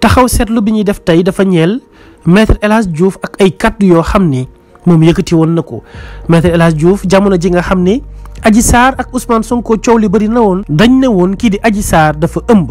taxaw seetlu bi ñuy def tey dafa ñeel maître El Hadj Diouf ak ay kàddu yoo xam ne moom yëkkati woon na ko maître El Hadj Diouf jamono ji nga xam ne Adji Sarr ak Ousmane Sonko coow li bëri na woon. dañ ne woon kii di aji Sarr dafa ëmb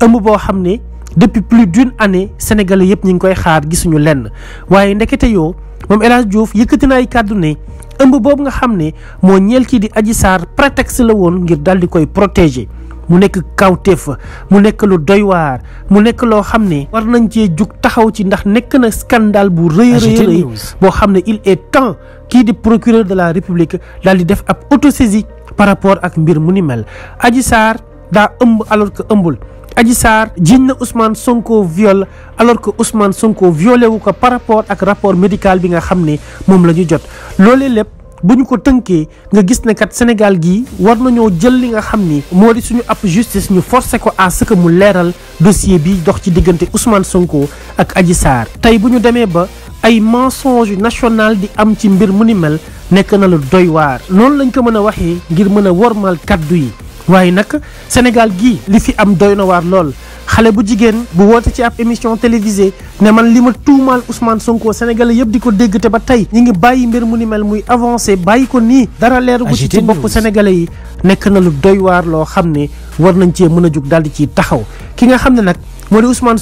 ëmb boo xam ne depuis plus d'une année sénégalais yëpp ñu ngi koy xaar gisuñu lenn waaye ndekete yoo moom El Hadj Diouf yëkkati na ay kàddu ne. ëmb boobu nga xam ne moo ñeel kii di Adji Sarr prétexte la woon ngir daal di koy protéger mu nekk kawteef mu nekk lu doy waar mu nekk loo xam ne war nañ cee jug taxaw ci ndax nekk na scandale bu rëy rëy boo xam ne il est temps kii di procureur de la république daal di def ab autosaisie par rapport ak mbir mu ni mel aji Sarr daa ëmb alors que ëmbul Adji Sarr jiñ na Ousmane Sonko viol alors que Ousmane Sonko violé wu ko par rapport ak rapport médical bi nga xam ne moom la ñu jot loole lépp bu ñu ko tënkee nga gis ne kat Sénégal gii war nañoo jël li nga xam ni moo di suñu ab justice ñu forcé ko à ce que mu leeral dossier bi dox ci diggante Ousmane Sonko ak aji saar tey bu ñu demee ba ay mensonge national di am ci mbir mu ni mel nekk na lu doy waar noonu lañ ko mën a waxee ngir mën a wormaal kaddu yi waaye nag Sénégal gi li fi am doy na waar lool xale bu jigéen bu woote ci ab émission télévisée ne man li ma tuumaal Ousmane Sonko Sénégalais yëpp di ko dégg te ba tey ñi ngi bàyyi mbir mu ni mel muy avancé bàyyi ko nii dara leeru bu ci ci bopp Sénégalais yi nekk na lu doy waar loo xam ne war nañ cee mën a jug daal di ciy taxaw ki nga xam ne nag moo di Ousmane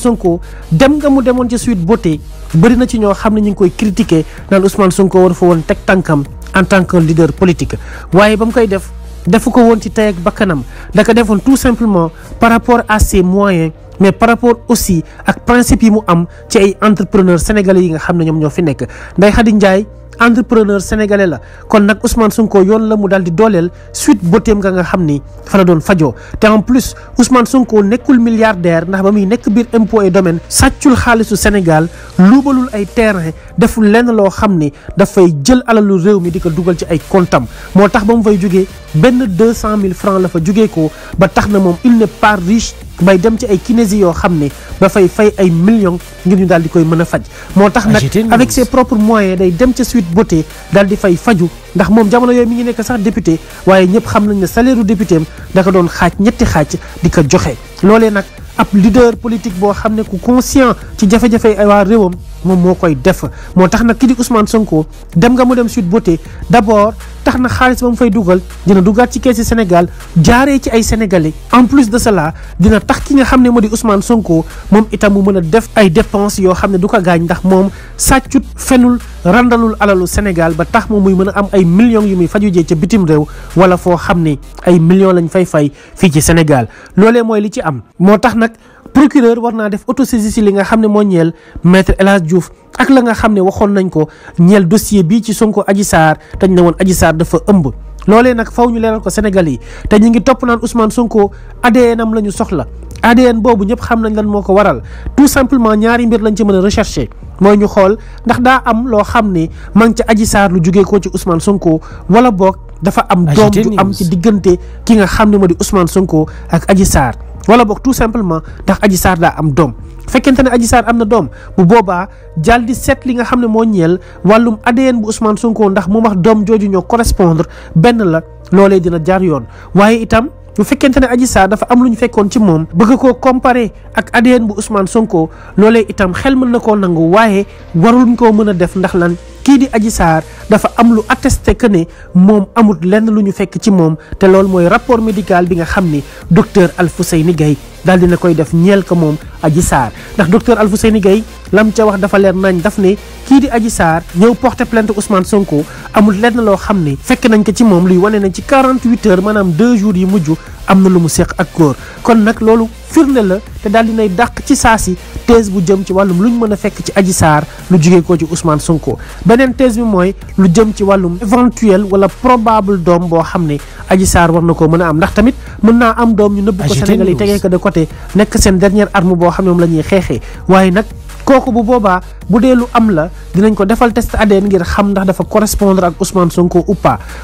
dem nga mu demoon ci suite beauté bëri na ci ñoo xam ne ñu ngi koy critiquer naan Ousmane Sonko war fa woon teg tànkam en tant que leader politique waaye ba mu koy def dafa ko woon ci tey ak bakkanam da ko defoon tout simplement par rapport à ses moyens mais par rapport aussi ak principe yi mu am ci ay entrepreneurs sénégalais yi nga xam ne ñoom ñoo fi nekk Ndeye Khady Ndiaye entrepreneur sénégalais la kon nag Ousmane Sonko yoon la mu daal di dooleel suite boteem nga nga xam ni fa la doon fajoo te en plus Ousmane Sonko nekkul milliardaire ndax ba muy nekk biir impôt et domaine sàccul xaalisu Sénégal luubalul ay terrain deful lenn loo xam ni dafay jël alalu réew mi di ko dugal ci ay comptam moo tax ba mu fay jógee benn deux cent mille francs la fa jógee ko ba tax na moom il n'est pas riche bay dem ci ay kinési yoo xam ne dafay fay ay millions ngir ñu daal di koy mën a faj moo tax nag avec ses propres moyens day dem ca suite beauté daal di fay faju ndax moom jamono yooyu mi ngi nekk sax député waaye ñëpp xam nañ ne salaire u député am doon xaaj ñetti xaaj di ko joxe loolee nag ab leader politique boo xam ne ku conscient ci jafe-jafe ay waa réewam moom moo koy def moo tax nag ki di Ousmane Sonko dem nga mu dem Sweet Beauté d' abord tax na xaalis ba mu fay dugal dina dugaat ci keesi Sénégal jaaree ci ay sénégalais en plus de cela dina tax ki nga xam ne moo di Ousmane Sonko moom itam mu mën a def ay dépenses yoo xam ne du ko gaañ ndax moom sàccut fenul randalul alalu Sénégal ba tax moom muy mën a am ay millions yu muy faju jee ca bitim réew wala foo xam ne ay millions lañ fay fay fii ci Sénégal loolee mooy li ci am moo tax nag procureur war naa def autosaisine si li nga xam ne moo ñeel maître El Hadj Diouf ak la nga xam ne waxoon nañ ko ñeel dossier bii ci Sonko Adji Sarr tañ ne woon Adji Sarr dafa ëmb. loolee nag faw ñu leeral ko Sénégal yi te ñu ngi topp naan Ousmane Sonko ADN am la ñu soxla ADN boobu ñëpp xam nañ lan moo ko waral tout simplement ñaari mbir lañ ci mën a recherché mooy ñu xool ndax daa am loo xam ne ma ngi ca Adji Sarr lu jugee ko ci Ousmane Sonko wala book dafa am doom ju am ci diggante ki nga xam ne moo di Ousmane Sonko ak aji saar wala boog tout simplement ndax Adji saar daa am doom fekkente ne Adji saar am na doom bu boobaa jàll di seet li nga xam ne moo ñeel wàllum ADN bu Ousmane Sonko ndax moom wax doom jooju ñoo correspondre benn la loolee dina jaar yoon waaye itam bu fekkente ne Adji Sarr dafa am lu ñu fekkoon ci moom bëgg koo comparer ak ADN bu Ousmane Sonko loolee itam xel mën na koo nangu waaye waruñ koo mën a def ndax lan kii di Adji Sarr dafa am lu attesté que ne moom amut lenn lu ñu fekk ci moom te loolu mooy rapport médical bi nga xam ni docteur Alfouseyni Gaye daal dina koy def ñeel ko moom Adji saar ndax docteur Alfousseyni Gaye lam ca wax dafa leer nañ daf ne kii di Adji Sarr ñëw porté plainte Ousmane Sonko amul lenn loo xam ne fekk nañ ko ci moom luy wane nañ ci 48 heures maanaam 2 jours yi mujj am na lu mu seq ak gor kon nag loolu firnde la te daal dinay dàq ci saa si thèse bu jëm ci wàllum ñu mën a fekk ci aji saar lu jugee ko ci Ousmane Sonko beneen thèse bi mooy lu jëm ci wàllum éventuel wala probable doom boo xam ne Adji saar war na koo mën a am ndax tamit mën naa am doom ñu nëbb ko côté nekk seen dernière arme boo xam ne moom la ñuy xeexee waaye nag kooku bu boobaa bu dee lu am la dinañ ko defal test ADN ngir xam ndax dafa correspondre ak Ousmane Sonko ou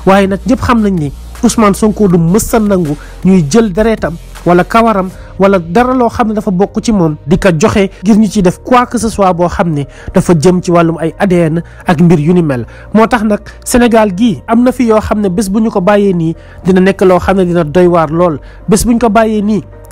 waaye nag ñëpp xam nañ ni Ousmane Sonko du mësa nangu ñuy jël dereetam wala kawaram wala dara loo xam ne dafa bokk ci moom di ko joxe ngir ñu ciy def quoi que ce soit boo xam ne dafa jëm ci wàllum ay ADN ak mbir yu ni mel moo tax nag Sénégal gii am na fi yoo xam ne bés bu ñu ko bàyyee nii dina nekk loo xam ne dina doy waar lool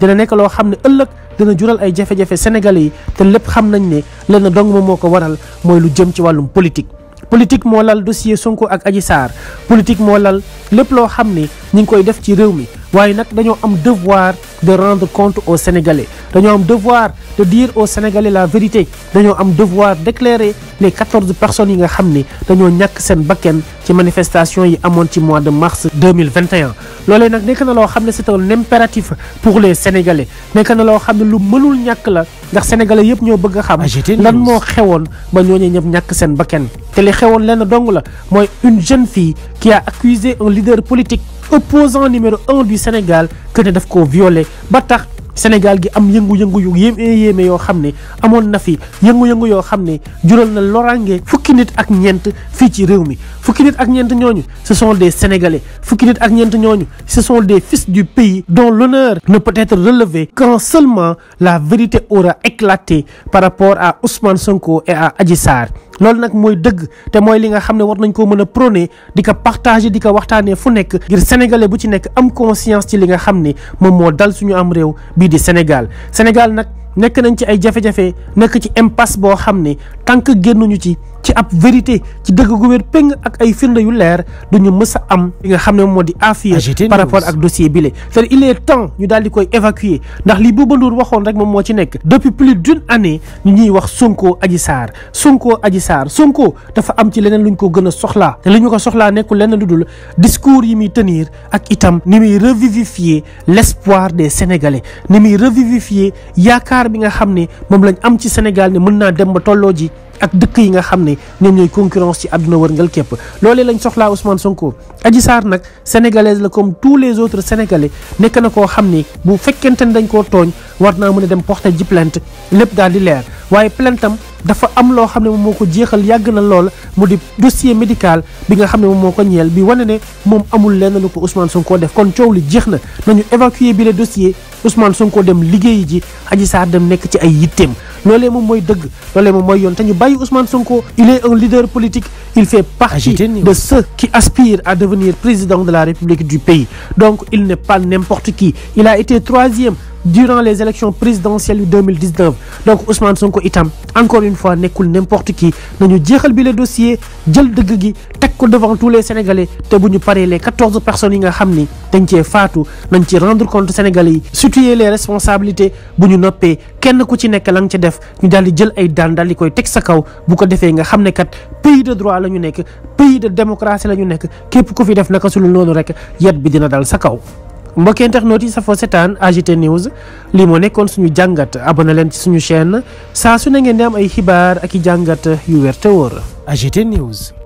dina nekk loo xam ne ëllëg dina jural ay jafe-jafe sénégalais yi te lépp xam nañ ne lenn dong moom moo ko waral mooy lu jëm ci wàllum politique. politique moo lal dossier Sonko ak aji Sarr politique moo lal lépp loo xam ni ñu ngi koy def ci réew mi. waaye nag dañoo am devoir de rendre compte aux Sénégalais dañoo am devoir de dire aux Sénégalais la vérité dañoo am devoir d'éclairer les quatorze personnes yi nga xam ni dañoo ñàkk seen bakken ci manifestation yi amoon ci mois de mars deux mille vingt et un nag nekk na loo xam ne c'est un impératif pour les Sénégalais nekk na loo xam ne lu mënul ñàkk la ndax Sénégalais yëpp ñoo bëgg a xam lan moo xewoon ba ñooñu ñëpp ñàkk seen bakken te li xewoon lenn dong la mooy une jeune fille un leader politique opposant numéro un du Sénégal que def ko koo ba tax Sénégal gi am yëngu-yëngu yu yéeme yéeme yoo xam ne amoon na fi yëngu-yëngu yoo xam ne jural na loraange fukki nit ak ñeent fii ci réew mi fukki nit ak ñeent ñooñu ce sont des sénégalais fukki nit ak ñeent ñooñu ce sont des fils du pays dont l'honneur ne peut être relevé quand seulement la vérité aura éclaté par rapport à Ousmane Sonko et à Adji Sarr loolu nag mooy dëgg te mooy li nga xam ne war nañ koo mën a prôné di ko partagé di ko waxtaanee fu nekk ngir sénégalais bu ci nekk am conscience ci li nga xam ne moom moo dal suñu am réew bii di Sénégal Sénégal nag nekk nañ ci ay jafe-jafe nekk ci impasse boo xam ne tant que génnuñu ci. ci ab vérité ci dëgg gu wér péng ak ay firnde yu leer du ñu mës a am li nga xam ne moo di affaire par rapport ak dossier bi la te il est temps ñu daal di koy évacuer ndax li Bouba Ndour waxoon rek moom moo ci nekk depuis plus d'une année ñu ñuy wax Sonko aji Sarr Sonko Adji Sarr Sonko dafa am ci leneen lu ñu ko gën a soxlaa te li ñu ko soxlaa nekkul leneen lu dul discours yi muy tenir ak itam ni muy revivifier l'espoir des Sénégalais ni muy revivifier yaakaar bi nga xam ne moom lañ am ci Sénégal ne mën naa dem ba tolloo ji ak dëkk yi nga xam ne ñoom ñooy concurrence ci àdduna wërngal képp loolee lañ soxlaa Ousmane Sonko Adji Sarr nag sénégalaise la comme tous les autres sénégalais nekk na koo xam ni bu fekkente ne dañ koo tooñ war naa mën a dem porter ji plainte lépp daal di leer waaye plainte am dafa am loo xam ne moom moo ko jeexal yàgg na lool mu di dossier médical bi nga xam ne moom moo ko ñeel bi wane ne moom amul lenn lu ko Ousmane Sonko def kon coow li jeex na nañu évacuer Ousmane Sonko dem liggéey ji Adji Sarr dem nekk ci ay yitteem loolee moom mooy dëgg loolee moom mooy yoon te ñu bàyyi Ousmane Sonko il est un leader politique il fait partie de ceux qui aspirent à devenir président de la République du pays donc il n'est pas n'importe qui il a été troisième durant les élections présidentielles yu 2019 donc Ousmane Sonko itam encore une fois nekkul n'importe qui nañu jeexal bi le dossier jël dëgg gi teg ko devant tous les Sénégalais te bu ñu paree les quatorze personnes yi nga xam ni dañ cee faatu nañ ci rendre compte Sénégalais yi situer les responsabilité bu ñu noppee kenn ku ci nekk la ci def ñu daal di jël ay daan daal di koy teg sa kaw bu ko defee nga xam ne kat pays de droit la ñu nekk pays de démocratie la ñu nekk képp ku fi def naka sulul noonu rek yet bi dina dal sa kaw mbokk internet yi safoo setaan AGT news lii moo nekkoon suñu jàngat abonné leen ci suñu chaîne saa su ne ngeen di am ay xibaar ak i jàngat yu wér te wóor AGT news